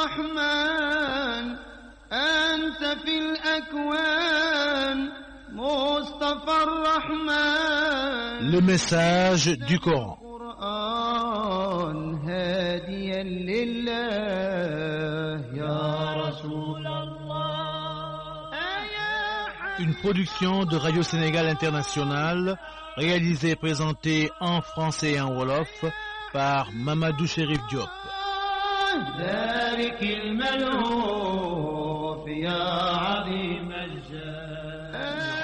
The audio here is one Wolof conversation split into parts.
الرحمن أنت في Le message du Coran هاديا لله يا رسول Une production de Radio Sénégal International réalisée et présentée en français et en wolof par Mamadou Chérif Diop. ذلك الملهوف يا عظيم الجاه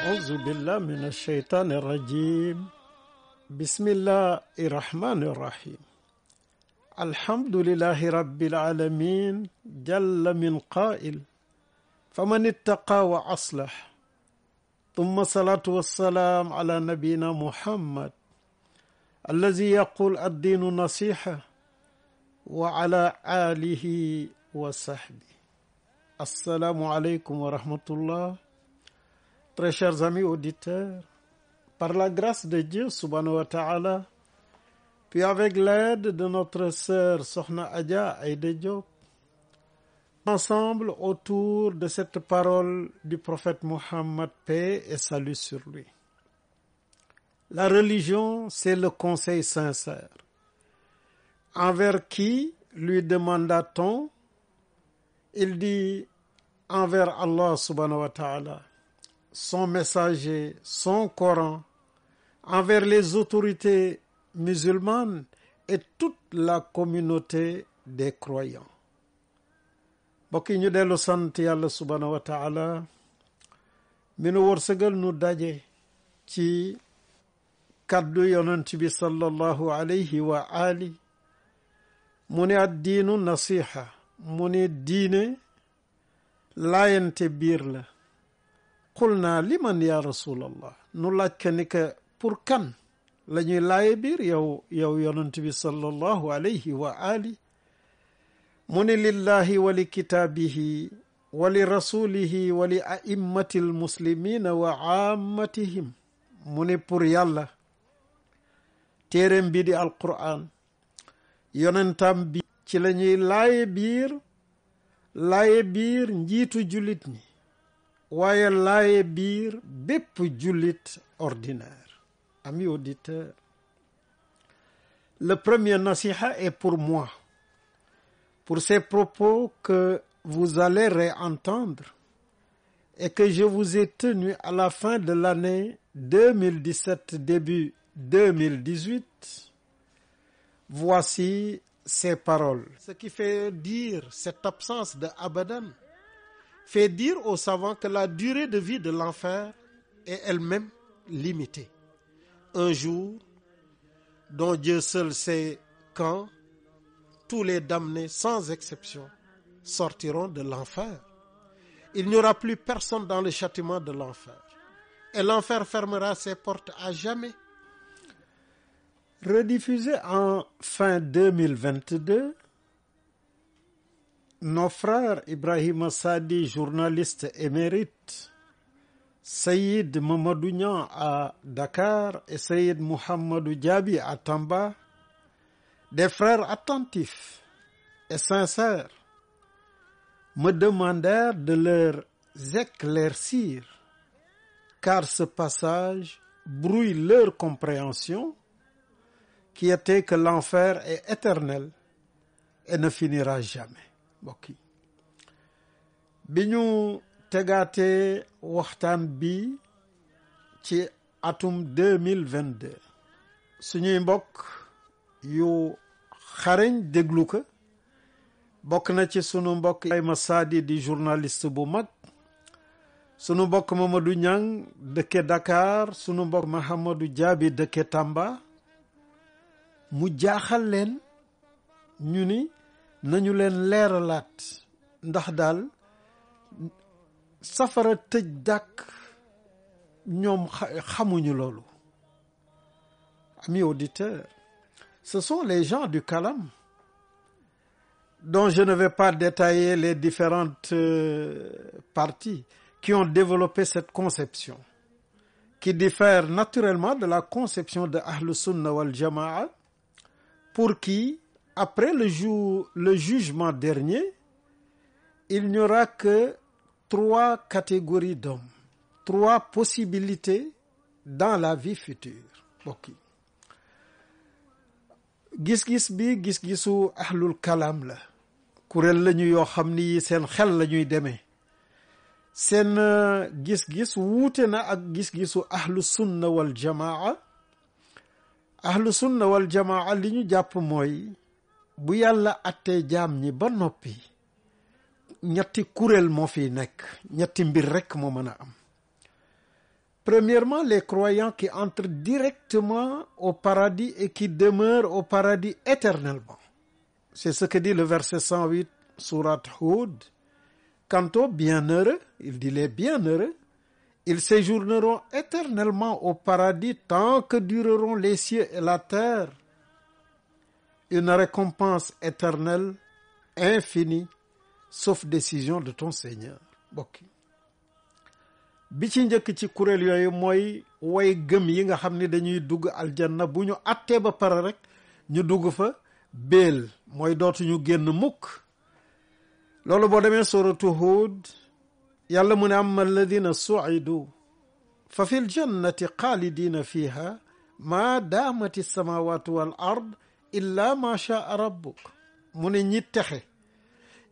أعوذ بالله من الشيطان الرجيم بسم الله الرحمن الرحيم الحمد لله رب العالمين جل من قائل فمن اتقى وأصلح ثم الصلاة والسلام على نبينا محمد الذي يقول الدين نصيحة waa ala alihi wa sahbi assalaamu aleykum wa rahmatullah très chers amis auditeurs par la grâce de Dieu subhanahu wa ta'ala puis avec l'aide de notre sœur Sokhna Adja Aïda ensemble autour de cette parole du prophète Mohammed paix et salut sur lui la religion c'est le conseil sincère Envers qui lui demanda-t-on? Il dit envers Allah subhanahu wa ta'ala, son messager, son Coran, envers les autorités musulmanes et toute la communauté des croyants. mbokk yi ñu dellu sant yàlla subhanahu wa ta'ala mi nu wërsëgal nu daje ci kàddu yonent bi sallallahu alayhi wa ali mu ne ad diinu nasiha mu ne diine laayante biir la qul naa liman ya rasulallah nu laaj ka ni ka kan la ñuy laaye biir yow yow yonent bi sallallahu alayhi mu ne lillahi wa li kitaabihi wa li rasulihi wa li aimmati almuslimina wa ammatihim mu ne pour yàlla téereem bi di alquran yonentam bi ci lañuy laaye biir bir biir njiitu jullit ñi waaye laaye biir bépp jullit ordinaire ami auditeur le premier nasiha est pour moi pour ces propos que vous allez réentendre et que je vous ai tenus à la fin de l'année 2017 début 2018 Voici ces paroles. Ce qui fait dire cette absence de abadan fait dire au savants que la durée de vie de l'enfer est elle-même limitée. Un jour dont Dieu seul sait quand tous les damnés sans exception sortiront de l'enfer. Il n'y aura plus personne dans le châtiment de l'enfer et l'enfer fermera ses portes à jamais. Rediffusé en fin 2022, nos frères Ibrahima Sadi, journaliste émérite, Saïd Mamadou Niang à Dakar et Saïd Mouhamadou Diaby à Tamba, des frères attentifs et sincères, me demandèrent de leur éclaircir, car ce passage brouille leur compréhension qui était que l'enfer est éternel et ne finira jamais mbokk bi ñu tegaate waxtaan bi ci atum deux mille vingt deux suñuy mbokk yu xarañ déglu ko bokk na ci sunu mbokk Ibrahima Sadi di journaliste bu mag sunu mbokk Mamadou Niang dëkke Dakar sunu mbokk Mahamadou jaabi dëkke tàmba mu jaaxal leen ñu ni nañu leen leeralaat ndax daal safara tëj dàkk ñoom xamuñu loolu amis auditeurs ce sont les gens du Kalam dont je ne vais pas détailler les différentes euh, parties qui ont développé cette conception qui diffère naturellement de la conception de Ahlus Sunna wal pour qui, après le le jugement dernier, il n'y aura que trois catégories d'hommes, trois possibilités dans la vie future bokk yi gis-gis bi gis-gisu ahlul kalaam la kuréel lañu yoo xam ni seen xel la ñuy demee seen euh, gis-gis wuute na ak gis-gisu ahlu sunna wal ahlu sunna wal jamaa li ñu jàpp mooy bu yàlla attee jaam ñi ba noppi ñetti kuréel moo fi nekk ñetti mbir rekk moo mën a am premièrement les croyants qui entrent directement au paradis et qui demeurent au paradis éternellement c'est ce que dit le verset 108 sourate Hud quant aux bienheureux il dit les bienheureux Ils séjourneront éternellement au paradis tant que dureront les cieux et la terre. Une récompense éternelle, infinie, sauf décision de ton Seigneur. bokki bi ci njëkk ci kuréel yooyu mooy woy gëm yi nga xam ni dañuy dugg aljanna bu ñu attee ba pare rek ñu dugg fa béel mooy dootu ñu génn mukk loolu boo demee suratu Hud yàlla mu ne amma alladina suidu fa fi ljannati xaalidina fiha maa daamati samawatu wal ard illa ma shaa rabbuk mu ne ñi texe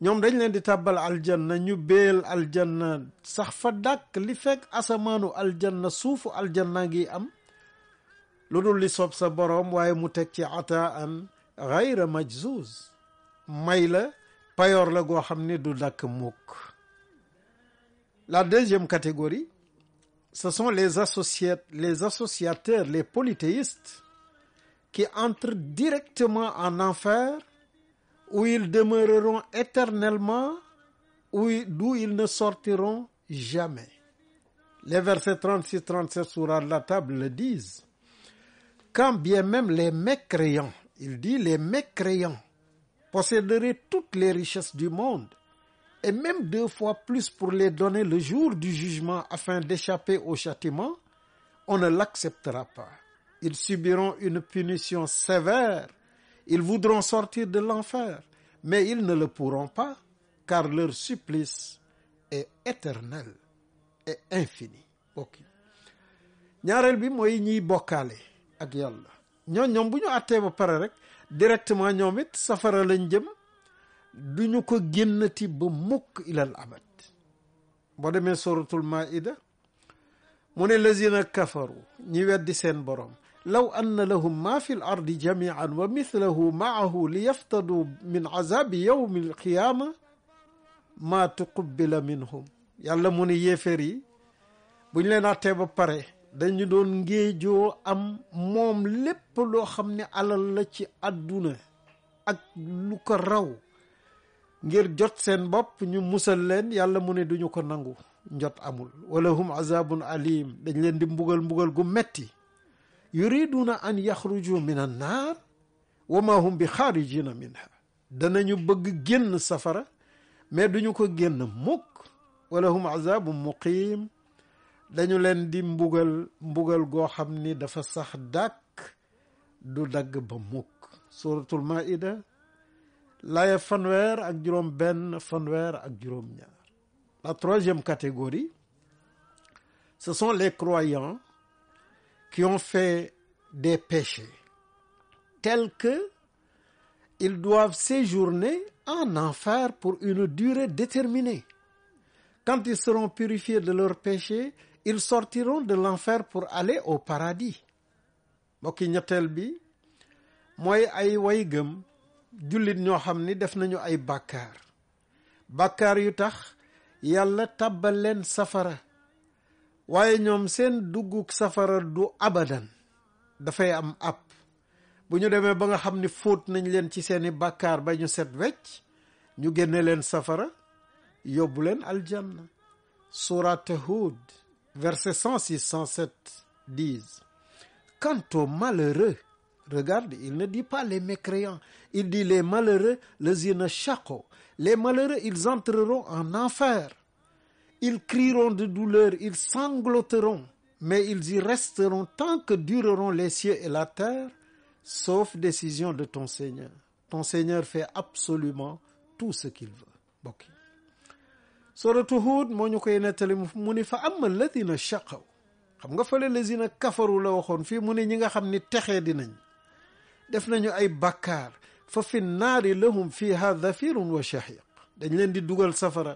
ñoom dañ leen di tàbbal aljanna ñu béel aljanna sax fa dàkk li fekk asamaanu aljanna suufu aljanna ngi am lu dul li sob sa boroom waaye mu teg ci ataan gayra majzuz may la payor la goo xam ne du dakk mukk La deuxième catégorie, ce sont les associat les associateurs, les polythéistes, qui entrent directement en enfer, où ils demeureront éternellement, d'où ils ne sortiront jamais. Les versets 36-37 sur la table le disent. Quand bien même les mécréants, il dit les mécréants, posséderaient toutes les richesses du monde et même deux fois plus pour les donner le jour du jugement afin d'échapper au châtiment, on ne l'acceptera pas. Ils subiront une punition sévère. Ils voudront sortir de l'enfer, mais ils ne le pourront pas, car leur supplice est éternel et infini. ok ñaareel bi mooy ñiy bokkaale ak yàlla ñoo ñoom bu ñu àttee ba pare rek directement ñoom it safara lañ jëm duñu ko génnati ba mukk ilal abad boo demee suratul maida mu ne lazina kafaru ñi weddi seen borom law anna lahum ma fi l ardi jamian wa mithlahu maahu li yaftadu min azabi yawmi alqiyaama ma tuqubila minhum yàlla mu ne yéeféer yi buñ leen attee ba pare dañu doon ngéejoo am moom lépp loo xam ne alal la ci àdduna ak lu ko raw ngir jot seen bopp ñu musal leen yàlla mu ne duñu ko nangu njot amul wala hum azabun alim dañ leen di mbugal mbugal gu metti yuriduna an yaxruju min an naar wa ma hum bi xaarijina minha danañu bëgg génn safara mais duñu ko génn mukk wala hum azabun muqim dañu leen di mbugal mbugal goo xam ni dafa sax dàkk du dagg ba mukk suratul maida laaye fanweer ak juróom ak juróom ñaar la troisième catégorie ce sont les croyants qui ont fait des péchés tels que ils doivent séjourner en enfer pour une durée déterminée quand ils seront purifiés de leurs péchés ils sortiront de l'enfer pour aller au paradis mbokki ñetteel bi mooy ay way jullit ñoo xam ni def nañu ay bàkkaar bàkkaar yu tax yàlla tàbbal leen safara waaye ñoom seen dugguk safara du abadan dafay am àpp bu ñu demee ba nga xam ni fóot nañ leen ci seeni bàkkaar ba ñu set wecc ñu génne leen safara yóbbu leen aljanna sourate Hud verset 106 107 malheureux regarde il ne dit pas les il dit les malheureux lezina shaqo les malheureux ils entreront en enfer ils crieront de douleur ils sangloteront mais ils y resteront tant que dureront les cieux et la terre sauf décision de ton Seigneur ton Seigneur fait absolument tout ce qu'il veut bokki suratu Hud moo ñu koy nettali mu ni fa amma alladina shaqaw xam nga fële lazina kafaru la waxoon fii mu ne ñi nga xam ni texee dinañ def nañu ay bakkaar fa fi naari lahum fiha dhafirun wa shahiq dañ leen di dugal safara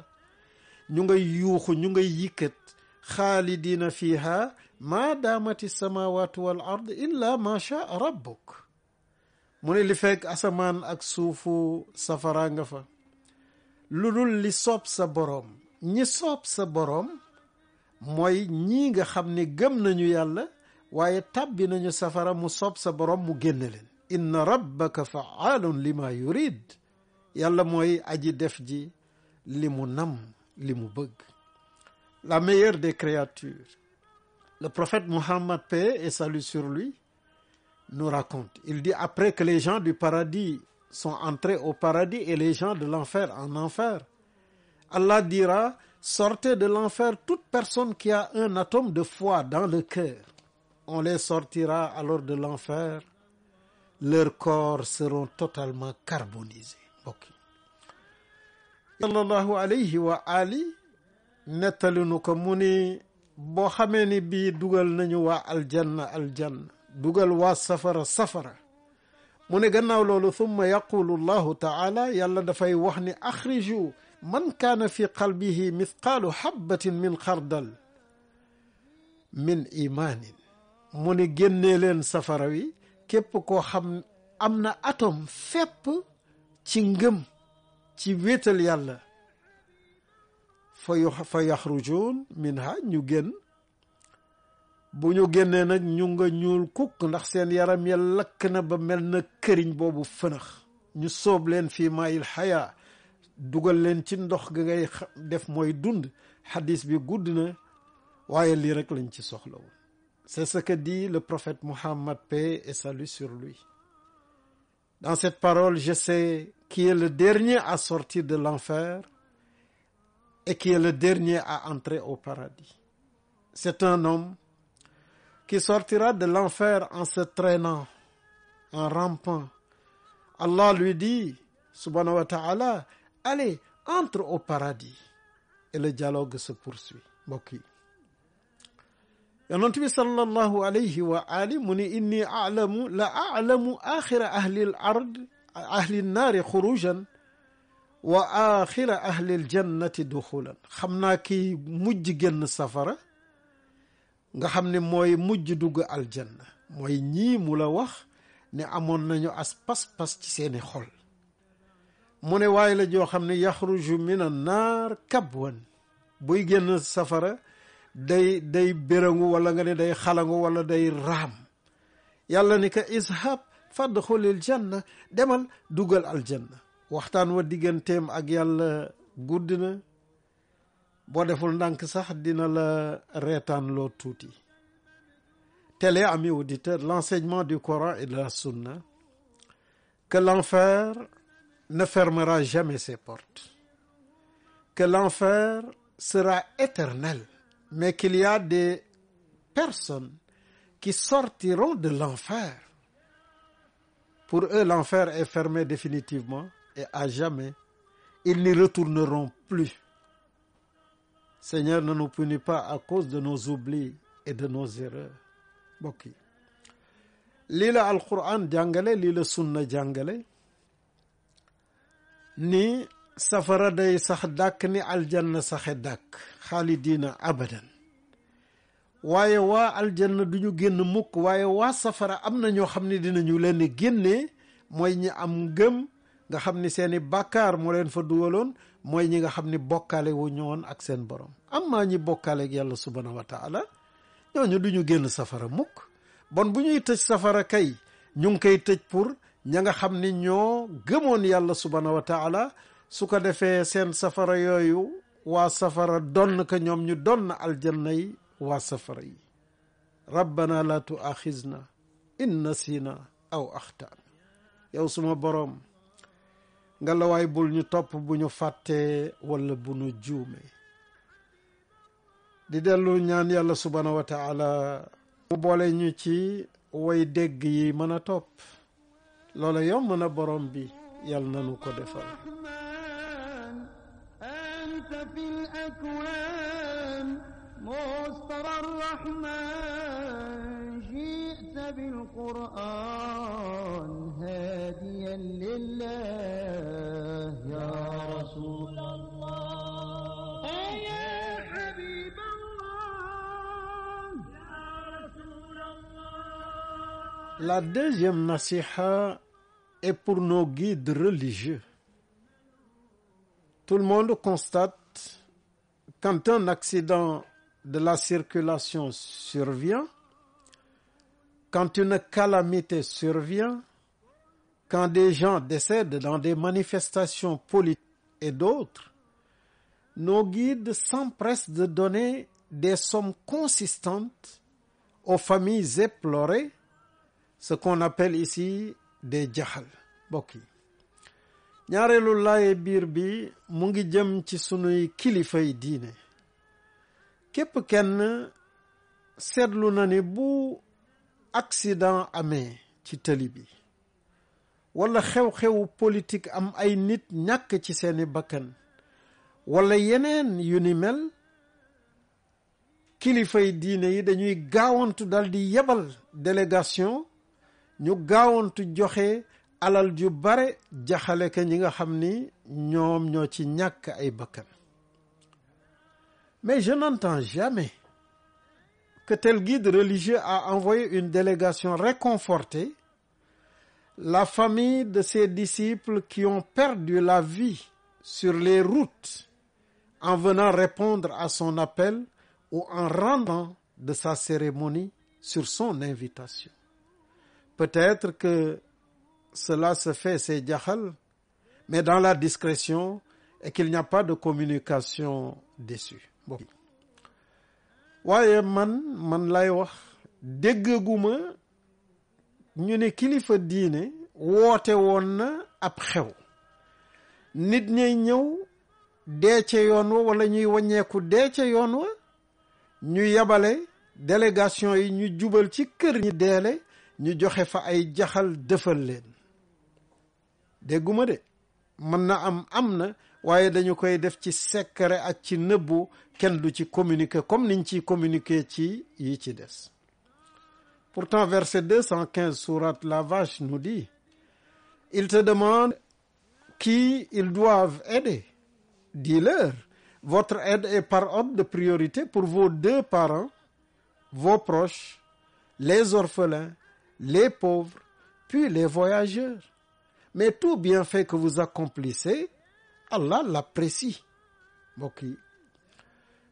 ñu ngay yuuxu ñu ngay yikkat xaalidiina fiha maa daamati samawatu wal ard illa ma shaa rabbuk mu ne li fekk asamaan ak suufu safara nga fa lu dul li soob sa boroom ñi soob sa boroom mooy ñii nga xam ne gëm nañu yàlla waaye tàbbi nañu safara mu soob sa boroom mu génn leen inna rabbaka faalun lima yurid yàlla mooy aji def ji li mu nam li mu bëgg la meilleure des créatures le prophète Mohammed paix et salut sur lui nous raconte il dit après que les gens du paradis sont entrés au paradis et les gens de l'enfer en enfer Allah dira sortez de l'enfer toute personne qui a un atome de foi dans le cœur on les sortira alors de l'enfer leurs corps seront totalement carbonisés mbokk sallallahu alayhi wa ali nettalinu ko mu ni boo xamee ni bii dugal nañu waa aljanna aljanna dugal waa safara safara mu ne gannaaw loolu thumma yaqulu llahu taala yàlla dafay wax ni axriju man kaana fi qalbihi min xardal min imaanin mu ni génnee leen safara wi képp koo xam am na atom fépp ci ngëm ci wéetal yàlla fa yu fa yaxrujuun minha ñu génn bu ñu génnee nag ñu nga ñuul kukk ndax seen yaram ya lakk na ba mel na këriñ boobu fënëx ñu soob leen fii maayil xayaa dugal leen ci ndox ga ngay def mooy dund xadis bi gudd na waaye lii rek lañ ci soxla C'est ce que dit le prophète Muhammad, paix et salut sur lui. Dans cette parole, je sais qui est le dernier à sortir de l'enfer et qui est le dernier à entrer au paradis. C'est un homme qui sortira de l'enfer en se traînant, en rampant. Allah lui dit, subhanahu wa ta'ala, allez, entre au paradis. Et le dialogue se poursuit. Mbokk yi. yonent bi sallallahu alayhi wa ali mu ni inni alamu la alamu axira ahlil ard ahlil naari xurujan wa axira ahlil jannati duxulan xam naa kii mujj génn safara nga xam ne mooy mujj dugg aljanna mooy ñii mu la wax ne amoon nañu as pas-pas ci seeni xol mu ne waaye la joo xam ne yaxruju min an naar kabwan buy génn safara day day bérangu wala nga day xalangu wala day raam yàlla ni ka ishab fadxulil janna demal dugal aljanna waxtaan wa digganteem ak yàlla gudd na boo deful ndànk sax dina la reetaan loo tuuti télé ami auditeur l'enseignement du Coran et de la Sunna que l'enfer ne fermera jamais ses portes l'enfer sera éternel mais qu'il y a des personnes qui sortiront de l'enfer. Pour eux, l'enfer est fermé définitivement et à jamais. Ils n'y retourneront plus. Seigneur, ne nous punis pas à cause de nos oublis et de nos erreurs. mbokk yi lii la alquran jàngale lii la sunna jàngale ni safara day sax dàkk ni aljanna saxe dàkk diina abadan waaye waa aljanna duñu génn mukk waaye waa safara am na ñoo xam ne dinañu leen di génnee mooy ñi am ngëm nga xam ni seeni bàkkaar moo leen fa duwaloon mooy ñi nga xam ni bokkaale wu ñëwoon ak seen borom am maa ñi bokkaale yàlla subhaanahu wa taala ñooñu du génn safara mukk bon bu ñuy tëj safara kay ñu ngi koy tëj pour ña nga xam ni ñoo gëmoon yàlla subhaanahu wa su ko defee seen safara yooyu waa safara donn ka ñoom ñu donn aljanna yi waa safara yi rabbana la tuaxizna in nasina aw axtaan yow suma boroom ngelawaay lawaay bul ñu topp bu ñu fàttee walla bu ñu juume di dellu ñaan yàlla subhaanahu wa mu boole ñu ci woy dégg yi mën a topp loola yomb na boroom bi yàlla nanu ko defal الناس في الأكوان مصدر الرحمن جئت بالقرآن هاديا لله يا رسول الله يا حبيب الله يا رسول الله La deuxième nasiha est pour nos guides religieux. tout le monde constate quand un accident de la circulation survient, quand une calamité survient, quand des gens décèdent dans des manifestations politiques et d'autres, nos guides s'empressent de donner des sommes consistantes aux familles éplorées, ce qu'on appelle ici des jahal yi ñaareelu laaye biir bi mu ngi jëm ci sunuy kilifay diine képp kenn seetlu na ni bu accident amee ci tëli bi wala xew-xewu politique am ay nit ñàkk ci seeni bakkan wala yeneen yu ni mel kilifay diine yi dañuy gaawantu daldi yebal délégation ñu gaawantu joxe alal ju bare jaxale ka ñi nga xam ni ñoom ñoo ci ñàkk ay bakkan mais je n'entends jamais que tel guide religieux a envoyé une délégation réconforter la famille de ses disciples qui ont perdu la vie sur les routes en venant répondre à son appel ou en rendant de sa cérémonie sur son invitation peut-être que cela se fait, c'est jaxal, mais dans la discrétion et qu'il n'y pas de communication dessus bon waaye man man lay wax déggaguma ñu ne kilifa diine woote woon na ab xew nit ñay ñëw dee yoon wa wala ñuy wàññeeku dee ca yoon wa ñu yabale délégation yi ñu jubal ci kër ñi deele ñu joxe fa ay jaxal defal leen dégguma de mën na am am na waaye dañu koy def ci secret ak ci nëbbu kenn du ci communiquer comme niñ ciy communiquer ci yi ci des pourtant verset 215 sourate la vache nu dit il te demande qui ils doivent aider dis-leur votre aide est par ordre de priorité pour vos deux parents vos proches les orphelins les pauvres puis les voyageurs mais tout bienfait que vous accomplissez Allah l'apprécie mbokk yi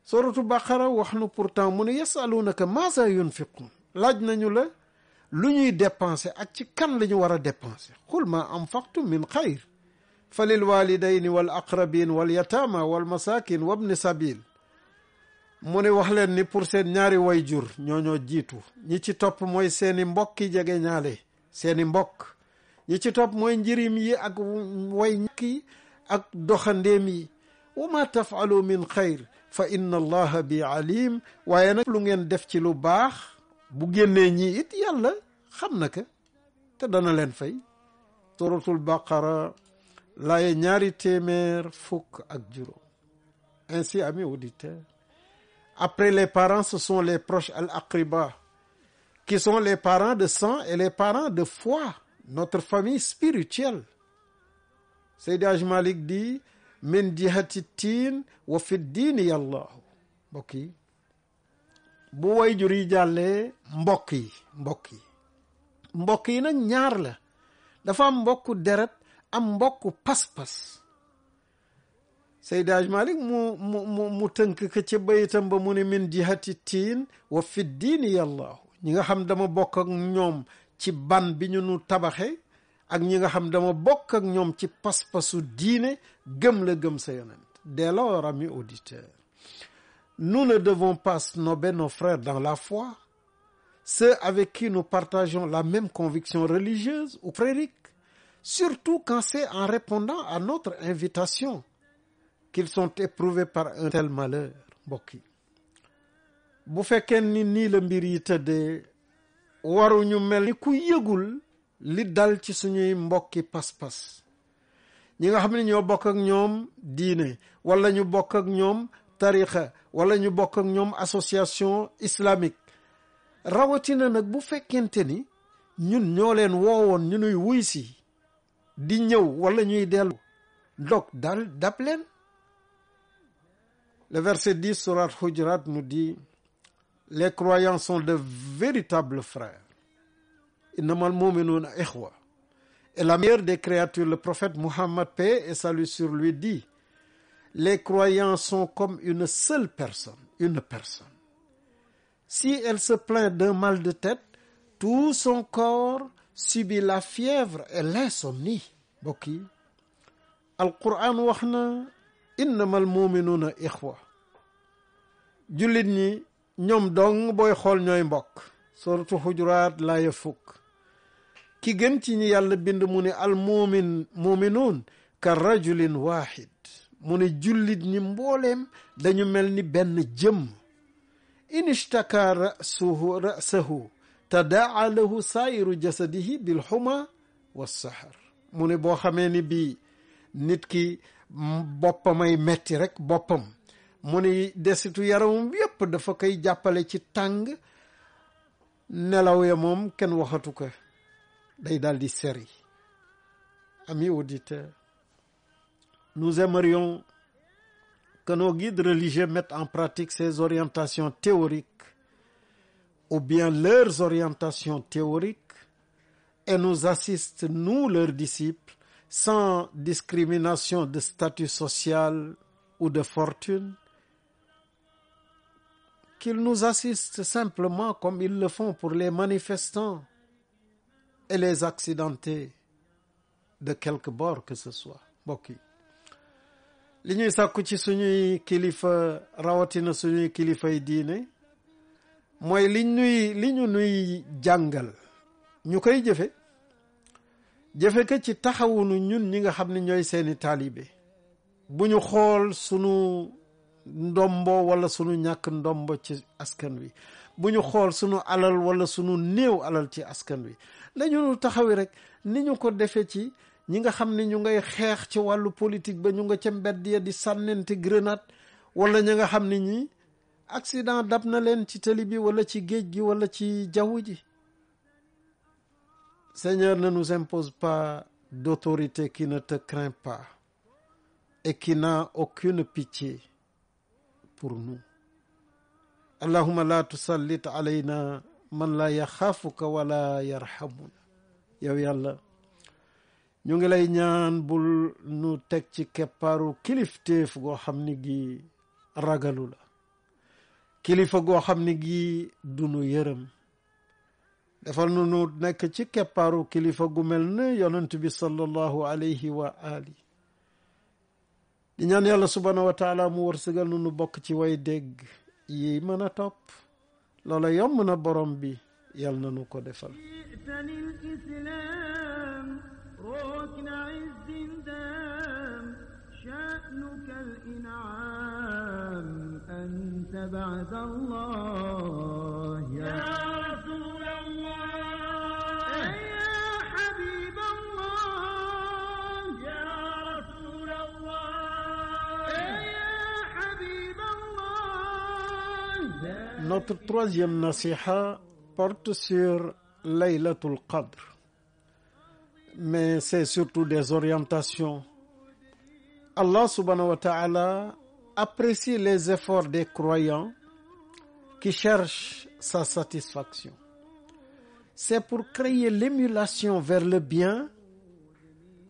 suratu baqara wax nu pourtant mu ne yasaluunaka maasa yunfiqun laaj nañu la lu ñuy dépenser ak ci kan la ñu war a dépenser qul ma anfaqtum min xayr fa lil walidaini wal aqrabin wal yatama wal masakin wabni sabil mu ne wax leen ni pour seen ñaari way jur ñooñoo jiitu ñi ci topp mooy seeni mbokki jege ñaale seeni mbokk yi ci topp mooy njirim yi ak way ñàkk yi ak doxandeem yi wa ma tafalu min xayr fa inna allaha bi alim waaye nag lu ngeen def ci lu baax bu génnee ñi it yàlla xam na ka te dana leen fay suratul baqara laaye ñaari téeméer fukk ak juróom ainsi amis auditeurs après les parents ce sont les proches al aqriba qui les parents de sang et les parents de foi notre famille spirituelle Seydi Aj Malik di min jihati tiin wa fi diini mbokk yi bu wayjur yi jàllee mbokk yi mbokk yi mbokk yi nag ñaar la dafa am mbokk deret am mbokku pas-pas Seydi Aj Malik mu mu mu tënk ka ca bayitam ba mu ne min jihati wa fi diini ñi nga xam dama bokk ak ñoom ci ban bi ñu nu tabaxe ak ñi nga xam dama bokk ak ñoom ci pas-pasu diine gëm la gëm sa yonent dès lors amis auditeurs nous ne devons pas snober nos frères dans la foi ceux avec qui nous partageons la même conviction religieuse ou frérique surtout quand c'est en répondant à notre invitation qu'ils sont éprouvés par un tel malheur mbokk yi bu fekkee ni nii la mbir waru ñu mel ni ku yëgul li dal ci suñuy mbokki pas-pas ñi nga xam ne ñoo bokk ak ñoom diine walla ñu bokk ak ñoom tarixa wala ñu bokk ak ñoom association islamique rawatina nag bu fekkente ni ñun ñoo leen woowoon ñu nuy wuy si di ñëw wala ñuy dellu dog dal dab leen le verset 10 surat les croyants sont de véritables frères innamal mu'minuna ikhwa et la meilleure des créatures le prophète Muhammad paix et salut sur lui dit les croyants sont comme une seule personne une personne si elle se plaint d'un mal de tête tout son corps subit la fièvre et l'insomnie mbokk yi alquran wax na innamal mu'minuna ñoom dong booy xool ñooy mbokk suratu xujuraat laaya fukk ki gën ci ñi yàlla bind mu ni al mumin muminuun ka rajulin waahid mu ne jullit ñi mbooleem dañu mel ni benn jëm in ishtaka rasuhu rasahu tadaa lahu saayiru jasadihi bil xuma wa sahar mu ne boo xamee ni bii nit ki boppamay metti rekk boppam mu ni desitu yaramam yépp dafa koy jàppale ci tàng nelaw ya moom kenn waxatu ko day daal di seri ami auditeur nous aimerions que nos guides religieux mettent en pratique ces orientations théoriques ou bien leurs orientations théoriques et nu assistent nous leurs disciples sans discrimination de statut social ou de fortune qu'ils nous assistent simplement comme ils le font pour les manifestants et les accidentés de quelque bord que ce soit mbokk yi li ñuy sàkku ci suñuy kilifa rawatina suñuy kilifay diine mooy li ñuy li ñu nuy jàngal ñu koy jëfe jëfe ko ci taxawunu ñun ñi nga xam ni ñooy seeni taalibe bu ñu xool sunu ndombo wala sunu ñàkk ndombo ci askan wi bu ñu xool sunu alal wala sunu néew alal ci askan wi dañu taxawi rek ni ñu ko defee ci ñi nga xam ne ñu ngay xeex ci wàllu politique ba ñu nga ca mbedd ya di sànnente grenade wala ña nga xam ne ñi accident dab na leen ci tali bi wala ci géej gi wala ci jaww ji Seigneur ne nous impose pas d'autorité qui ne te craint pas et qui aucune pitié pour nous allahuma la tusallit alayna man la yaxaafuka wala yarhamuna yow yàlla ñu ngi lay ñaan bul nu teg ci keppaaru kilifteef goo xam ni gi ragalu la kilifa goo xam ni gi dunu yërëm defal nu nu nekk ci keppaaru kilifa gu mel ne yonent bi sallallahu wa ali di ñaan yàlla subhaanahu wa mu wërsëgal nu bokk ci way dégg yi mën a topp loola yomb na borom bi yàlla na nu ko defal شأنك الإنعام أن تبعث الله Notre troisième nasiha porte sur Laylatul Qadr, mais c'est surtout des orientations. Allah subhanahu wa ta'ala apprécie les efforts des croyants qui cherchent sa satisfaction. C'est pour créer l'émulation vers le bien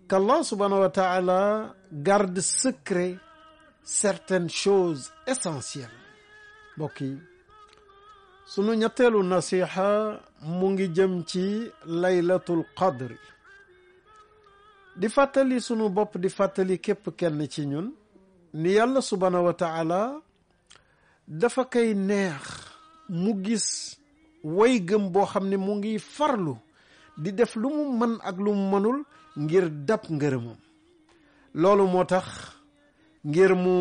qu'Allah subhanahu wa ta'ala garde secret certaines choses essentielles. Mbokk yi sunu ñetteelu nasiha mu ngi jëm ci laylatul qadri di fàttali sunu bopp di fàttali képp kenn ci ñun ni yàlla subhaanahu wa taala dafa koy neex mu gis way gëm boo xam ne mu ngi farlu di def lu mu mën ak lu mu mënul ngir dab ngërëmam loolu moo tax ngir mu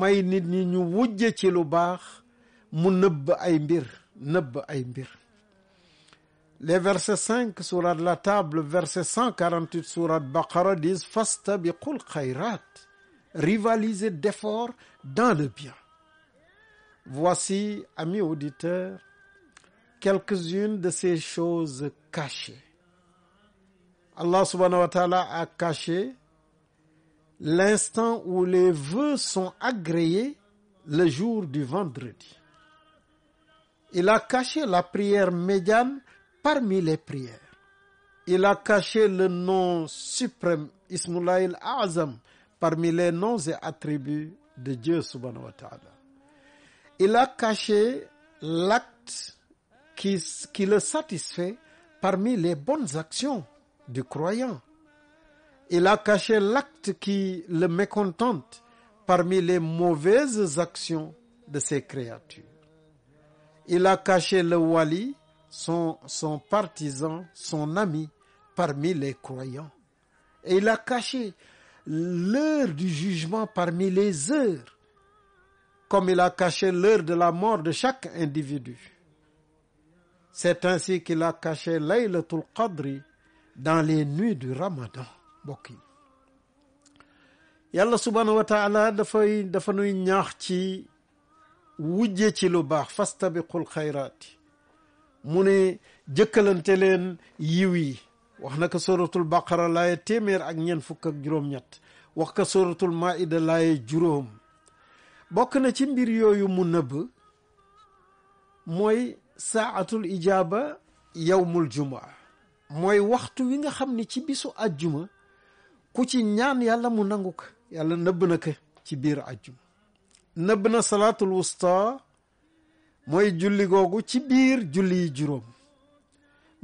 may nit ñi ñu wujje ci lu baax mu nëbb ay mbir nëbb ay mbir les versets 5 sourate la table verset 148 sourate Baqara disent fastabiqul khayrat rivalisez d'efforts dans le bien voici amis auditeurs quelques-unes de ces choses cachées Allah subhanahu wa ta'ala a caché l'instant où les vœux sont agréés le jour du vendredi Il a caché la prière médiane parmi les prières. Il a caché le nom suprême, Ismoullah al-Azam, parmi les noms et attributs de Dieu subhanahu wa ta'ala. Il a caché l'acte qui, qui le satisfait parmi les bonnes actions du croyant. Il a caché l'acte qui le mécontente parmi les mauvaises actions de ses créatures. Il a caché le wali, son, son partisan, son ami, parmi les croyants. Et il a caché l'heure du jugement parmi les heures, comme il a caché l'heure de la mort de chaque individu. C'est ainsi qu'il a caché Laylatul Qadri dans les nuits du Ramadan mbokk yi yàlla subhaanahu wa taala dafay dafa nuy ñaax wujje ci lu baax fastabiqul xayraati mu ne jëkkalante leen yiw yi wax na ko suratul baqara laaya téeméer ak ñeent fukk ak juróom-ñett wax ko suratul maida laaya juróom bokk na ci mbir yooyu mu nëbb mooy saatul ijaaba yawmul jumaa mooy waxtu wi nga xam ni ci bisu ajjuma ku ci ñaan yàlla mu nangu ko yàlla nëbb na ko ci biir ajjuma nëbb na salaatul wusta mooy julli googu ci biir julli yi juróom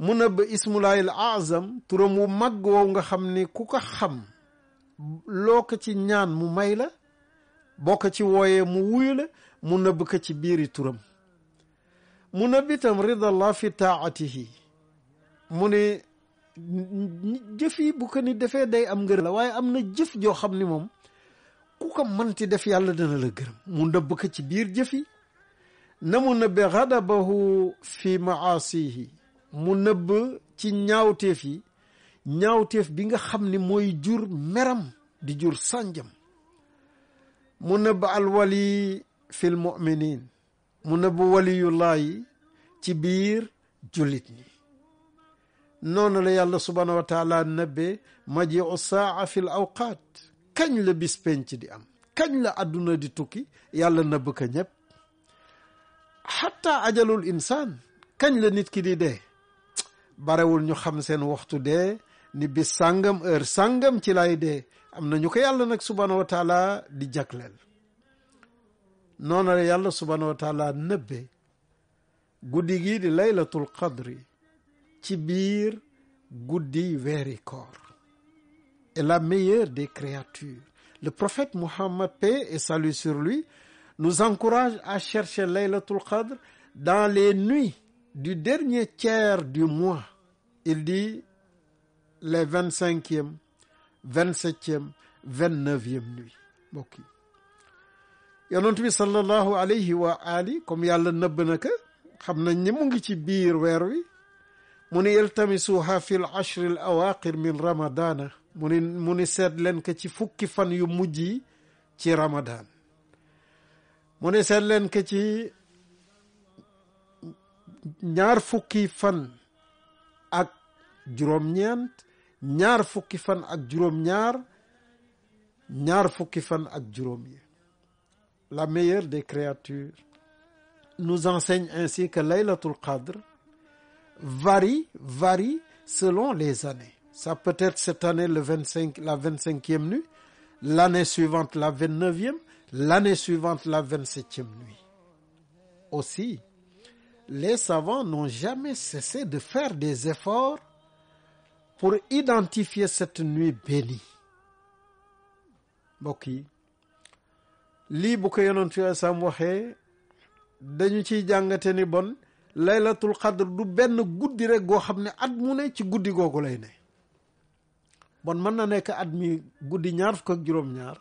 mu nëbb ismulaayil azam turam wu màgg woow nga xam ni ku ko xam loo ko ci ñaan mu may la boo ko ci wooyee mu wuyu la mu nëbb ko ci biiri turam mu nëbb itam ridallah fi taatihi mu ne jëf yi bu ko ni defee day am ngërëm la waaye am na jëf joo xam ni moom ku ko mënti def yàlla dana la gërëm mu ndëbb ko ci biir jëf yi na mu nëbbe xadabahu fi maasihi mu nëbb ci ñaawteef yi ñaawteef bi nga xam ni mooy jur meram di jur sànjam mu nëbb alwali fi lmuminin mu nëbb waliyullahi ci biir jullit ñi noonu la yàlla subhaanahu wa taala nëbbe majiu saa fi l kañ la bis di am kañ la àdduna di tukki yàlla nëbb ka ñépp xatta ajalul insaan kañ la nit ki di dee barewul ñu xam seen waxtu dee ni bis sàngam heure sàngam ci lay dee am na ñu ko yàlla nag subhaanahu wa di jagleel noona la yàlla subhaanahu wa taala nëbbe guddi gi di laylatul qadri ci biir guddi weeri koor la meilleure des créatures. Le prophète Mohammed, paix et salut sur lui, nous encourage à chercher Laylatul Qadr dans les nuits du dernier tiers du mois. Il dit les vingt-cinquième, vingt-septième, vingt-neuvième nuit mbokk yi yonent bi sallallahu alayhi wa ali comme yàlla nëbb na ka xam nañ ni mu ngi ci biir weer wi mu ni iltamisuha fi l ashri l awaqir min ramadana mu ni mu ni seet leen ko ci fukki fan yu mujj yi ci ramadaan mu ni seet leen ko ci ñaar fukki fan ak juróom-ñeent ñaar fukki fan ak juróom-ñaar ñaar fukki fan ak juróom yi la meilleure des créatures nous enseigne ainsi que laylatul qadr varie varie selon les années Ça peut être cette année le 25, la 25e nuit, l'année suivante la 29e, l'année suivante la 27e nuit. Aussi, les savants n'ont jamais cessé de faire des efforts pour identifier cette nuit bénie. mbokk yi lii bu ko yonentu sam waxee dañu ciy jàngate ni bon laylatul qadr du benn guddi rek goo xam ne at mu ne ci guddi googu lay ne bon mën na nekk at mi guddi ñaar fukk ak juróom-ñaar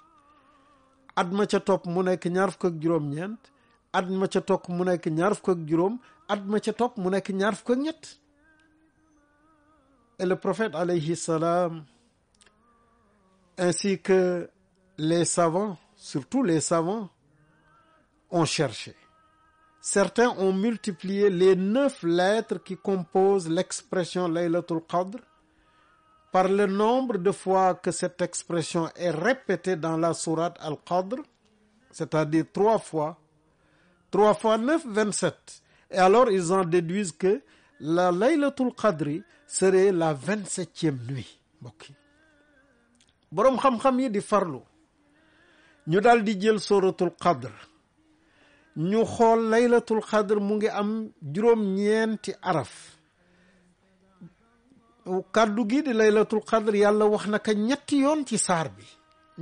at ma ca topp mu nekk ñaar fukk juróom-ñeent at ma ca topp mu nekk ñaar fukk ak juróom at ma ca topp mu nekk ñaar fukk ñett et le prophète alayhi salam ainsi que les savants surtout les savants on cherché certains ont multiplié les neuf lettres qui composent l'expression laylatul qadr par le nombre de fois que cette expression est répétée dans la sourate Al-Qadr, c'est-à-dire trois fois, trois fois neuf, vingt-sept. Et alors ils en déduisent que la laylatul qadri serait la vingt-septième nuit mbokk yi boroom xam-xam yi di farlu ñu daal di jël suratul qadr ñu xool laylatul qadr mu ngi am juróom-ñeenti araf kàddu gi di laylatul qadr yàlla wax na ñetti yoon ci saar bi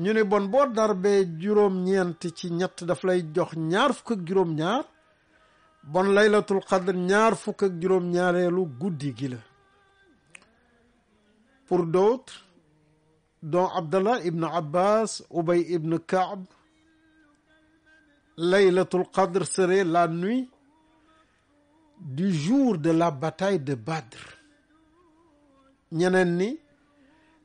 ñu ne bon boo darbee juróom-ñeent ci ñett daf lay jox ñaar fukk ak juróom-ñaar bon laylatul qadr ñaar fukk ak juróom-ñaareelu guddi gila la pour d'autres dont Abdallah ibn Abbas Ubay ibn Kaab laylatul qadr serait la nuit du jour de la bataille de Badr ñeneen ni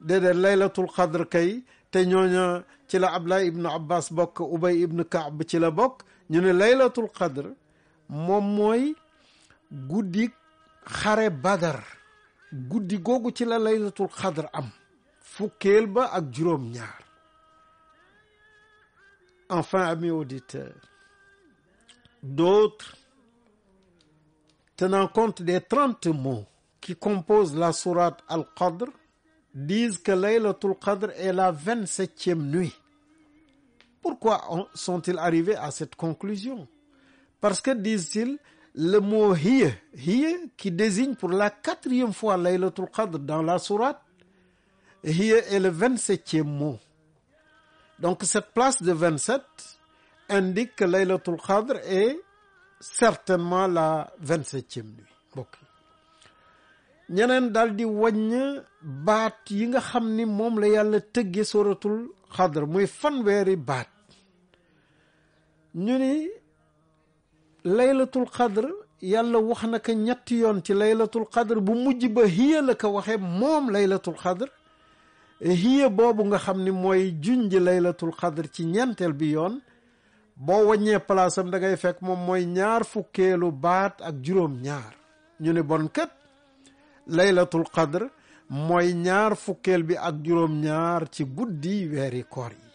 déedéet laylatul xadr kay te ñooña ci la Abdullah ibnu Abbas bokk Ubay ibnu Kaab ci la bokk ñu ne laylatul xadr moom mooy guddi xare Badar guddi googu ci la laylatul xadr am fukkeel ba ak juróom ñaar enfin amis auditeurs d'autres tenant compte des trente mots qui composent la sourate Al-Qadr disent que Laylatul Qadr est la vingt-septième nuit. Pourquoi sont-ils arrivés à cette conclusion? Parce que disent-ils le mot hiya hiya pour la quatrième fois Laylatul Qadr dans la sourate le vingt-septième mot. Donc cette place de vingt-sept indique que Laylatul la vingt-septième ñeneen daldi waññ baat yi nga xam ni moom la yàlla tëgge suratul xadr muy fanweeri baat ñu ni laylatul xadr yàlla wax na ko ñetti yoon ci laylatul xadr bu mujj ba hiya la ko waxe moom laylatul xadr hiya boobu nga xam ni mooy junj laylatul xadr ci ñeenteel bi yoon boo waññee palaasam dangay fekk moom mooy ñaar fukkeelu baat ak juróom ñaar ñu ne bon kat laylatul qadr mooy ñaar fukkeel bi ak juróom-ñaar ci guddi weeri koor yi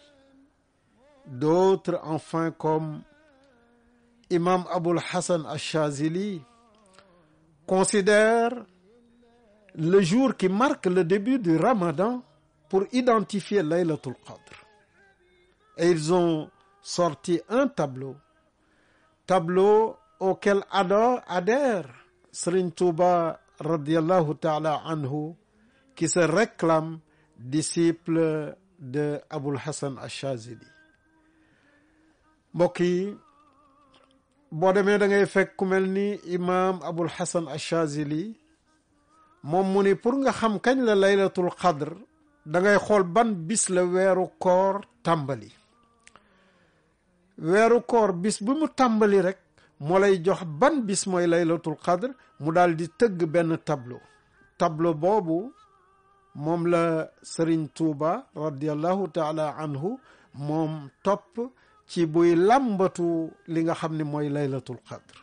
d'autres enfin comme imam Abul Hasan al-Shazili considère le jour qui marque le début du Ramadan pour identifier Laylatul Qadr et ils ont sorti un tableau tableau auquel adore adhère Serigne Touba radiallahu taala anhu qui se réclame disciple de Abul Hasan Achazili mbokk yi boo demee da ngay fekk ku mel ni imaam Abul Hasan Achazili moom mu ni pour nga xam kañ la laylatul qadr da ngay xool ban bis la weeru koor tàmbali weeru koor bis bu mu tàmbali rek moo lay jox ban bis mooy laylatul qadr mu daal di tëgg benn tableau tableau boobu moom la Sëriñ Tuuba radiallahu taala anhu moom topp ci buy làmbatu li nga xam ne mooy laylatul qadr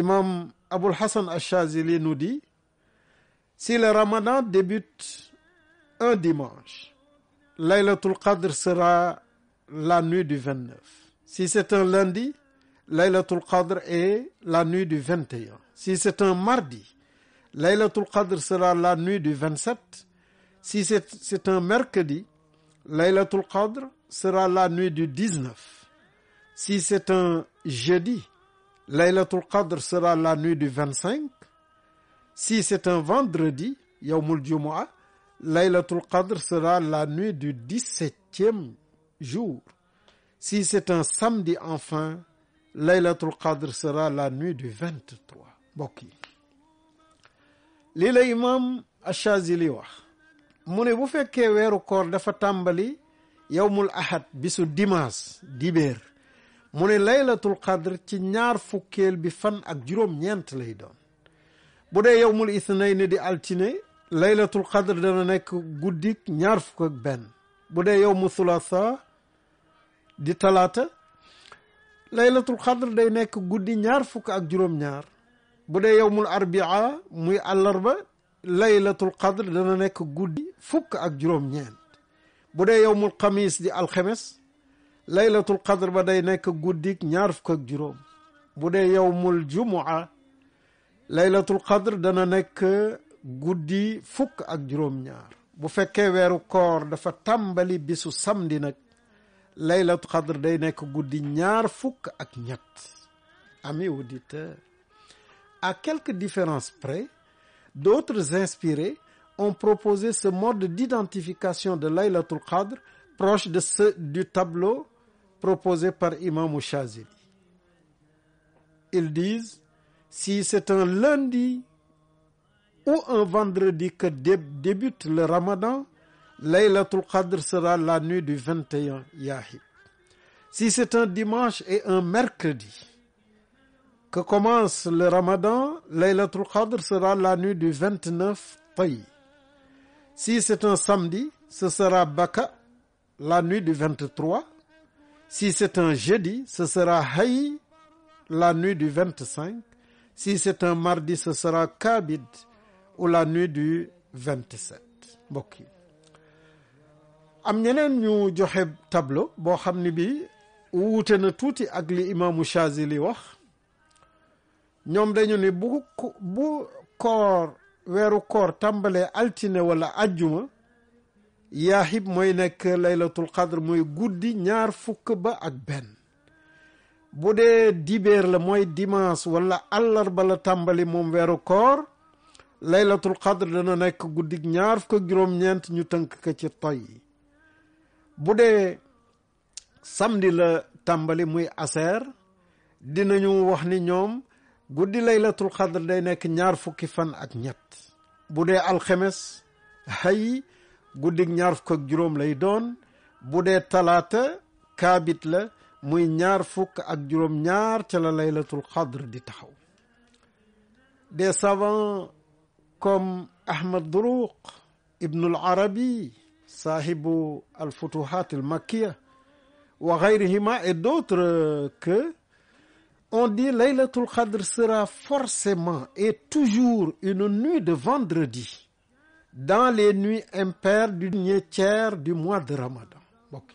imam Abul Hasan Achazili nous dit si le ramadan débute un dimanche laylatul qadr sera la nuit du 29 si c'est un lundi laylatul qadr est la nuit du 21 si c'est un mardi laylatul qadr sera la nuit du 27 si c'est c'est un mercredi laylatul qadr sera la nuit du 19 si c'est un jeudi laylatul qadr sera la nuit du 25 si c'est un vendredi yawmul jumu'a laylatul qadr sera la nuit du 17e jour si c'est un samedi enfin laylatul qadr sera la nuit du bokk yi lii la imaam Achazili wax mu ne bu fekkee weeru koor dafa tàmbali mul ahad bisu dimaas dibéer mu ne laylatul qadr ci ñaar fukkeel bi fan ak juróom-ñeent lay doon bu dee yowmul ithnayni di altine laylatul qadr dana nekk guddik ñaar fukk ak benn bu dee yowmu thulatha di talaata laylatul xadr day nekk guddi ñaar fukk ak juróom-ñaar bu dee yowmul arbia muy ba laylatul qadr dana nekk guddi fukk ak juróom-ñeent bu dee yowmul xamis di alxemes laylatul qadr ba day nekk guddik ñaar fukk ak juróom bu dee yowmul jumua laylatul qadr dana nekk guddi fukk ak juróom-ñaar bu fekkee weeru koor dafa tàmbali bisu samedi nag laylatul qadr day nekk guddi ñaar fukk ak ñett ami auditeur À quelque différence près, d'autres inspirés ont proposé ce mode d'identification de Laylatul Qadr proche de ceux du tableau proposé par Imam Shazili. Ils disent, si c'est un lundi ou un vendredi que dé débute le Ramadan, Laylatul Qadr sera la nuit du 21 Yahib. Si c'est un dimanche et un mercredi, que commence le ramadan, Laylatul Qadr sera la nuit du 29 Tay. Si c'est un samedi, ce sera Baka, la nuit du 23. Si c'est un jeudi, ce sera Hay, la nuit du 25. Si c'est un mardi, ce sera Kabid ou la nuit du 27. mbokk yi am ñeneen ñu joxe tableau boo xam ne bi wuute na tuuti ak li imaamu Chazili wax ñoom dañu ni bu bu koor weeru koor tàmbalee altine wala ajjuma yaaxib mooy nekk laylatul qadr mooy guddi ñaar fukk ba ak benn bu dee dibeer la mooy dimanche walla àllarba la tàmbali moom weeru koor laylatul qadr dana nekk guddi ñaar fukk juróom-ñeent ñu tënk ko ci toy yi bu dee samedi la tàmbali muy aseer dinañu wax ni ñoom guddi laylatul xadr day nekk ñaar fukki fan ak ñett bu dee alxemes hay guddig ñaar fukk ak juróom lay doon bu dee talaata kaabit la muy ñaar fukk ak juróom ñaar ca la laylatul di taxaw des savants comme Ahmad Duruq Ibnul Arabi saahibu al futuhat wa gayrihima et d'autres on dit Laylatul Qadr sera forcément et toujours une nuit de vendredi dans les nuits impaires du dernier tiers du mois de Ramadan mbokk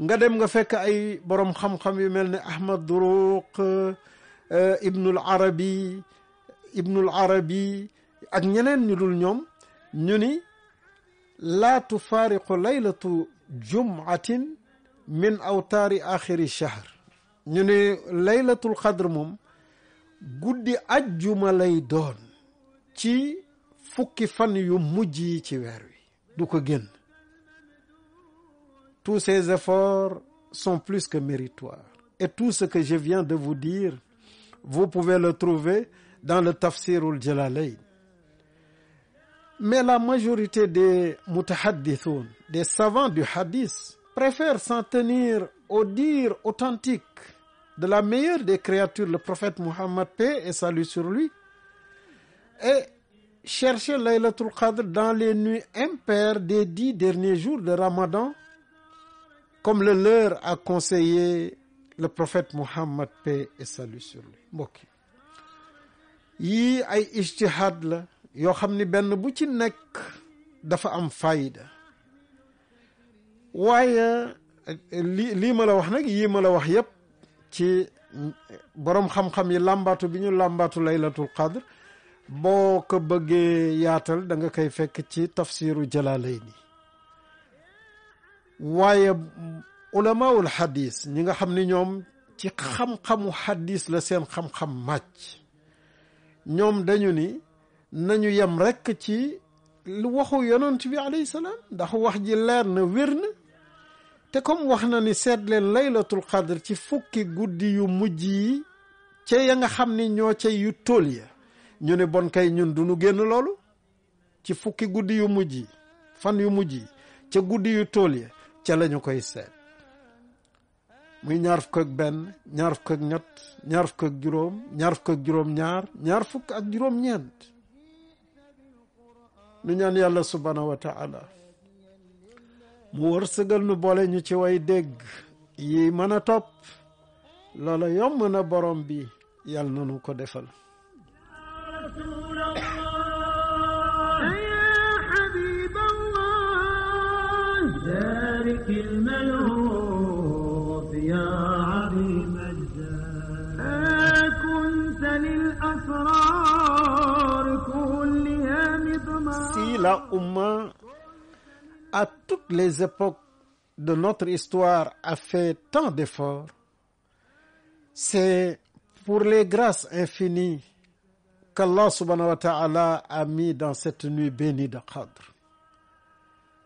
yi dem nga fekk ay borom xam-xam yu mel ne Ahmad Duruq euh, Ibnul Arabi Ibnul ak ñeneen ñu dul ñoom ñu ni laa tufaariqu laylatu jum'atin min awtaari axiri shahr ñu ne laylatul xadr moom guddi ajjuma lay doon ci fukki fan yu mujj yi ci weer wi du ko génn tous ces efforts sont plus que méritoires et tout ce que je viens de vous dire vous pouvez le trouver dans le tafsirul jalalayn mais la majorité de mutahaddithoun des savants du hadith préfèrent s'en tenir au de la meilleure des créatures, le prophète Muhammad, paix et salut sur lui, et chercher Laylatul Qadr dans les nuits impaires des dix derniers jours de Ramadan, comme le leur a conseillé le prophète Muhammad, paix et salut sur lui mbokk yii ay ijtihaad la yoo xam ni benn bu ci nekk dafa am fayda waaye li lii ma la wax nag yii ma la wax yépp ci boroom xam-xam yi làmbaatu bi ñu làmbaatu laylatul qadr boo ko bëggee yaatal danga nga koy fekk ci tafsiru jalaalayni waaye ulamaawul xadis ñi nga xam ni ñoom ci xam-xamu xadis la seen xam-xam màcc ñoom dañu ni nañu yem rekk ci lu waxu yonent bi alayhi salaam dax wax ji leer na wér te comme wax na ni seet leen laylatul qadr ci fukki guddi yu mujj yi ca ya nga xam ni ñoo ca yu tool ya ñu ne bon kay ñun duñu génn loolu ci fukki guddi yu mujj yi fan yu mujj yi ca guddi yu tool ya ca lañu koy seet muy ñaar fukk ak benn ñaar fukk ak ñett ñaar fukk ak juróom ñaar ñaar fukk ak juróom-ñeent nu ñaan yàlla subhaanahu wa taala mu wërsëgal nu boole ñu ci way dégg yi mën a topp loola yomb na borom bi yàlla na nu ko defal si la umma à toutes les époques de notre histoire a fait tant d'efforts, c'est pour les grâces infinies qu'Allah subhanahu wa ta'ala a mis dans cette nuit bénie de Qadr.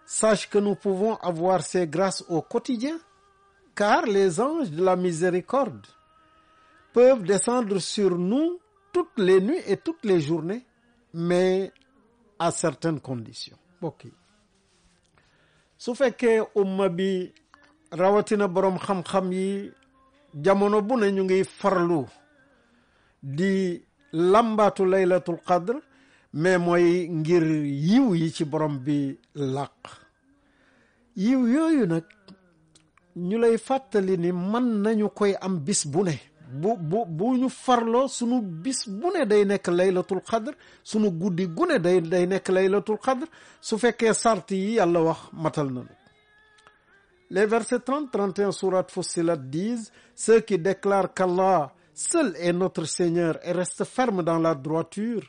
Sache que nous pouvons avoir ces grâces au quotidien, car les anges de la miséricorde peuvent descendre sur nous toutes les nuits et toutes les journées, mais à certaines conditions. Bokk yi su fekkee umma bi rawatina borom xam-xam yi jamono bu ne ñu ngi farlu di làmbaatu laylatul qadr mais mooy ngir yiw yi ci borom bi làq yiw yooyu nag ñu lay fàttali ni mën nañu koy am bis bu ne bu bu bu ñu farloo sunu bis bu ne day nekk laylatul xadr sunu guddi gu ne day day nekk laylatul xadr su fekkee sart yi yàlla wax matal nañu les versets 30 31 sourate Fussilat disent ceux qui déclarent qu'Allah seul est notre Seigneur et restent fermes dans la droiture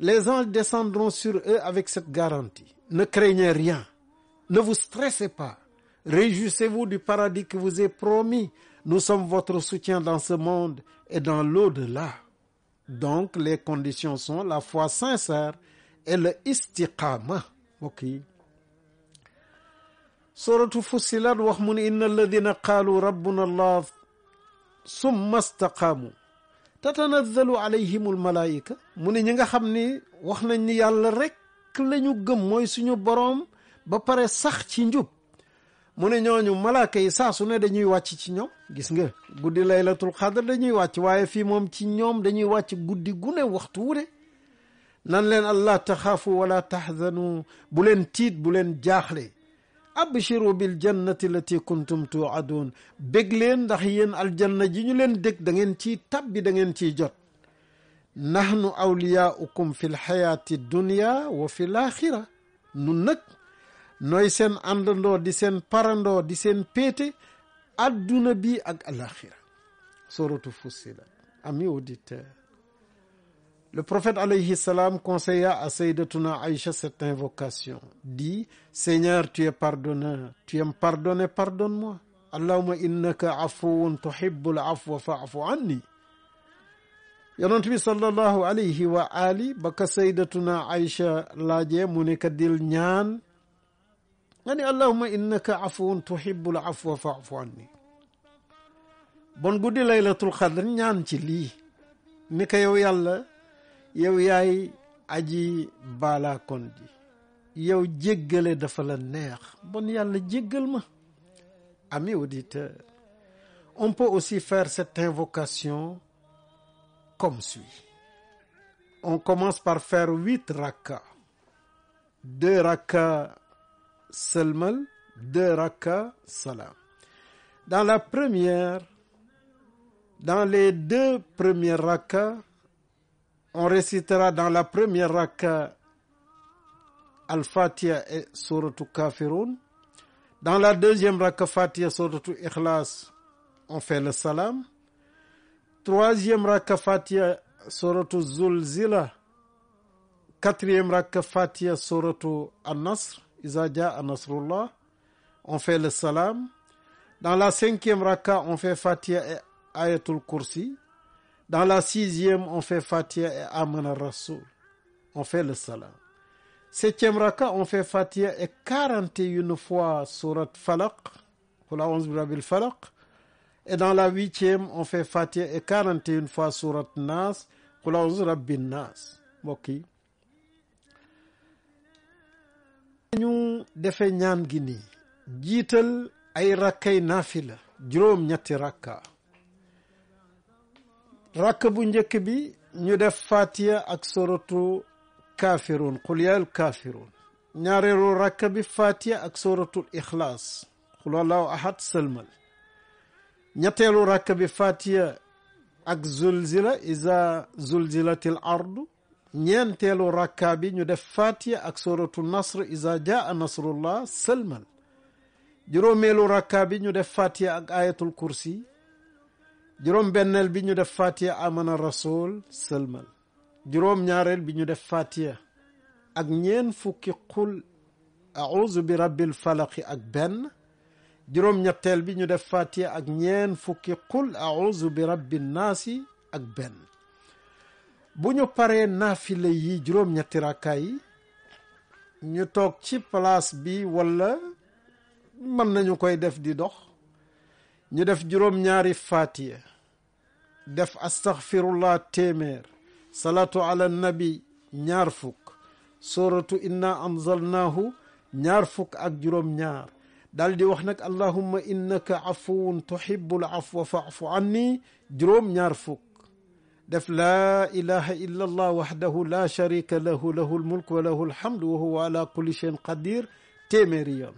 les anges descendront sur eux avec cette garantie ne craignez rien ne vous stressez pas réjouissez-vous du paradis qui vous est promis Nous sommes votre soutien dans ce monde et dans de delà Donc les conditions sont la foi sincère et le istiqaama mbokk yi suratu fussilat wax mu ne inna alladina qaalu rabbuna allah summa istaqaamu tatanazzalu alayhim almalaayika mu ne ñi nga xam ni wax nañ ni yàlla rek la ñu gëm mooy suñu boroom ba pare sax ci njub mu ne ñooñu malaaka yi saa su ne dañuy wàcc ci ñoom gis nga guddi laylatul xadr dañuy wàcc waaye fii moom ci ñoom dañuy wàcc guddi gune waxtu wu nan leen allah taxaafu wala tahzanu bu leen tiit bu leen jaaxle abshiru bil jannati lati kuntum tuadun bég leen ndax yéen aljanna ji ñu leen dég dangeen ci ciy tabbi dangeen ngeen ciy jot nahnu awliyaukum fi lxayaati dunya wa fi laaxira nun nag nooy seen àndandoo di seen parandoo di seen péete adduna bi ak alaxira suratu Fussilat amis auditeurs le prophète alayhi salam conseilla à Sayyidatuna Aïcha invocation dit Seigneur tu es pardonneur tu aimes pardonner pardonne-moi allahumma innaka afuwun tuhibbul afwa fa'fu anni yonent bi sallallahu alayhi wa ali ba ka Sayyidatuna Aïcha laajee mu ne ka dil ñaan nga ne allahuma innaka afuwun tuhibbul afwa fa'fu anni bon guddi laylatul xadr ñaan ci lii ni ko yow yàlla yow yaay aji baalaakoon ji yow jéggale dafa la neex bon yàlla jéggal ma amis auditeurs on peut aussi faire cette invocation comme suit on commence par faire huit rakka sëlmal deux rakka salaam dans la première dans les deux premières rakka on récitera dans la première rakka al-Fatiha et sourate Kafirun dans la deuxième rakka Fatiha sourate Ikhlas on fait le salam troisième rakka Fatiha sourate Zulzila quatrième rakka Fatiha sourate An-Nasr Iza jaa Nasrullah, on fait le salam. Dans la cinquième raka, on fait Fatiha et Ayatul Kursi. Dans la sixième, on fait Fatiha et Amana Rasoul. On fait le salam. Septième raka, on fait Fatiha et quarante et une fois Surat Falaq, Qul a'udhu bi rabbil Falaq. Et la huitième, on fait Fatiha quarante et une fois Surat Nas, Qul a'udhu rabbin Nas. Mbokk yi ñu defe ñaan gi nii jiital ay rakkay naafila juróom ñetti rakka rakk bu njëkk bi ñu def fatiya ak soratu kaafiruun qul yaal kaafiruun ñaareelu rakk bi fatiya ak soratul ixlaas qul allahu ahad sëlmal ñetteelu rakk bi fatiya ak zulzila iza zulzilatil ardu ñeenteelu rakkaa bi ñu def fatiha ak suratu nasr iza jaa nasrullah sëlmal juróomeelu rakkaa bi ñu def fatiha ak ayatul kursi juróom benneel bi ñu def fatiha amana rasul sëlmal juróom ñaareel bi ñu def fatiha ak ñeen fukki qul auzu bi rabbil falaqi ak benn juróom ñetteel bi ñu def fatiha ak ñeen fukki qul auzu bi rabbin naasi ak benn bu ñu paree naafile yi juróom-ñetti rakkaa ñu toog ci place bi walla mën nañu koy def di dox ñu def juróom-ñaari faatiya def astaghfirullah téeméer salaatu ala nabi ñaar fukk suratu inna anzalnaahu ñaar fukk ak juróom-ñaar daal wax nag allahumma innaka afuwun tuhibbul afwa fa'fu anni juróom-ñaar fukk def laa ilaha illa allah waxdahu la sharika lahu lahu lmulk wa lahu kulli cheyin qadir téeméeri yoon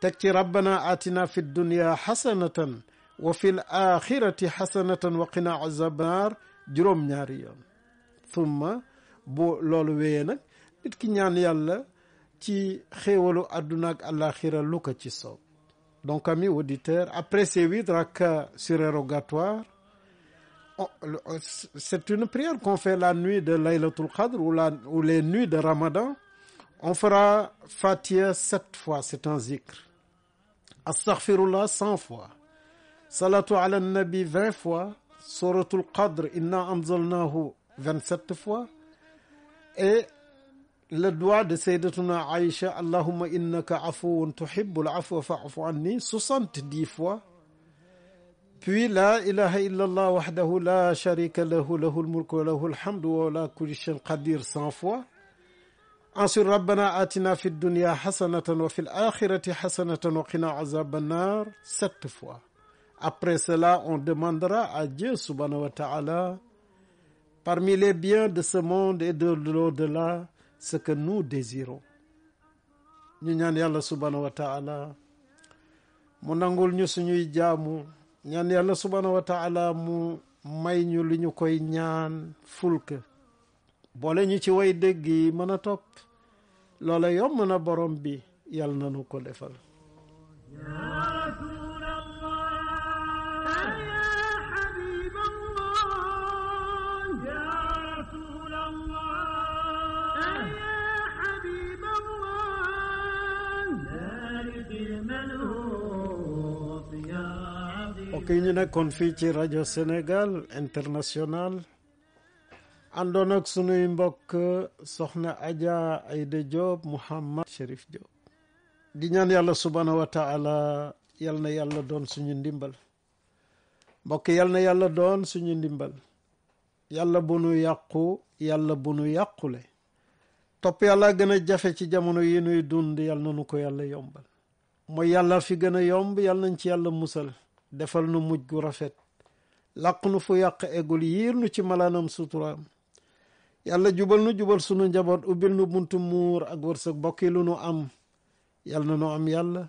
teg ci rabbana atina fi dunya xasanatan wa fi l axirati xasanatan wa qina azabannar juróom yoon thumma bu loolu wéyee nit ki ñaan yàlla ci xéewalu àdduna ak àllaaxira lu ko ci soob donc amis auditeurs après ces huit raka surérogatoires Oh, euh, c'est une prière qu'on fait la nuit de Laylatul Qadr ou la ou les nuits de Ramadan on fera Fatiha sept fois c'est un zikr astaghfirullah cent fois salatu ala nabi vingt fois suratul qadr inna anzalnahu vingt-sept fois et le doigt de sayyidatuna Aïcha allahumma innaka afuwun tuhibbul afwa fa'fu anni soixante-dix fois Puis la ilaha illallah wahdahu la sharika lahu lahul mulku wa lahul hamdu qadir fois. Ensuite rabbana atina fid dunya hasanatan wa fil akhirati hasanatan wa qina azaban nar on demandera à Dieu subhanahu wa ta'ala parmi les biens de ce monde et de l'au-delà ce que nous désirons. Ñu ñaan Yàlla subhanahu ñaan yàlla subhaanahu wa taala mu may ñu li ñu koy ñaan fulka boole ñu ci way dégg yi mën a topp loola yomb na borom bi yal na ko defal njëkk ñu nekkoon fii ci rajo Sénégal international àndoon ak sunuy mbokk soxna Adja Aïda Diop Mouhamad Chérif Diop di ñaan yàlla subhaanahu wa yal na yàlla doon suñu ndimbal mbokk yal na yàlla doon suñu ndimbal yàlla bu nu yàqu yàlla bu nu yàqule topp yàlla gën a jafe ci jamono yi nuy dund yal na nu ko yàlla yombal mooy yàlla fi gën a yomb yal nañ ci yàlla musal defal nu mu gu rafet làq nu fu yàq eggul yiir nu ci malaanam suturaam yàlla jubal nu jubal sunu njaboot ubbil nu buntu muur ak wërsëg bokki lu nu am yàlla na nu am yàlla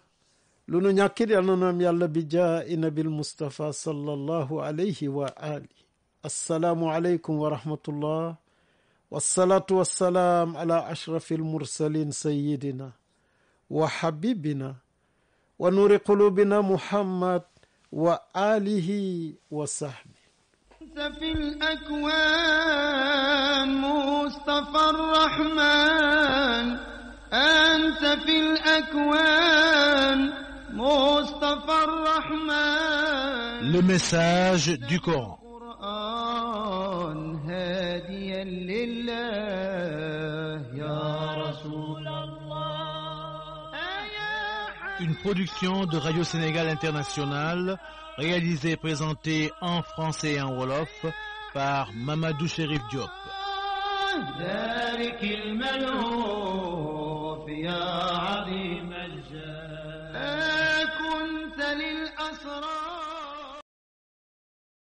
lu nu ñàkkit yàlla na nu am yàlla bi jaa'i nabil mustafa sallallahu alayhi wa ali assalaamu aleykum wa rahmatullah wassalaatu wassalaam ala ashrafi almursalin sayidina wa habibina wa nuuri qulubina muhammad wa alihi wa sahbi fi lakwan mustafa rahman anta fi lakwan mustafa rahman le message du Coran production de Radio Sénégal International, réalisée et présentée en français et en wolof par Mamadou Chérif Diop.